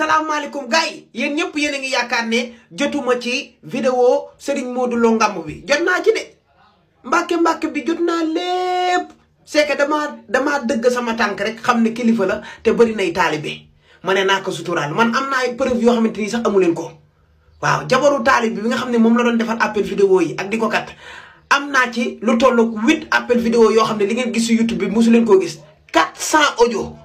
salaamaaleykum gars yi yéen ñëpp yéen a ngi yaakaar ne jotuma ci vidéo Serigne Modou Lo Ngam bi jot naa ci de mbàkke mbàkke bi jot naa lépp c'est que damaa damaa dëgg sama tànk rek xam ne kilifa la te bari nay taalibe ma ne naa ko suturaal man am naa ay preuve yoo xamante ni sax amuleen ko waaw jabaru taalib bi nga xam ne moom la doon defar appel vidéo yi ak di kat am naa ci lu tolloog huit appel vidéo yoo xam ne li ngeen gis si YouTube bi mosu leen koo gis quatre cent audio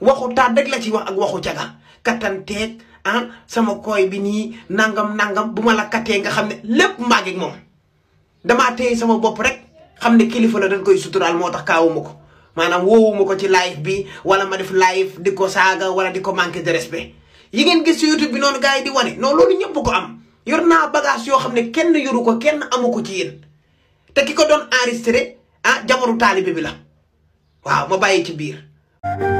waxu taat rek la ci wax ak waxu ca caga kattanteeg ah sama koy bi nii nangam nangam bu ma la kattee nga xam ne lépp mbaageg moom damaa téye sama bopp rek xam ne kilifa la dañ koy suturaal moo tax kaawuma ko maanaam woowuma ko ci live bi wala ma def live di ko saaga wala di ko manquer de respect yi ngeen gis ci YouTube bi noonu gaa yi di wane non loolu ñëpp ko am yor naa bagage yoo xam ne kenn yoru ko kenn amu ko ci yéen te ki ko doon enregistré ah jabaru taalibe bi la bàyyi ci biir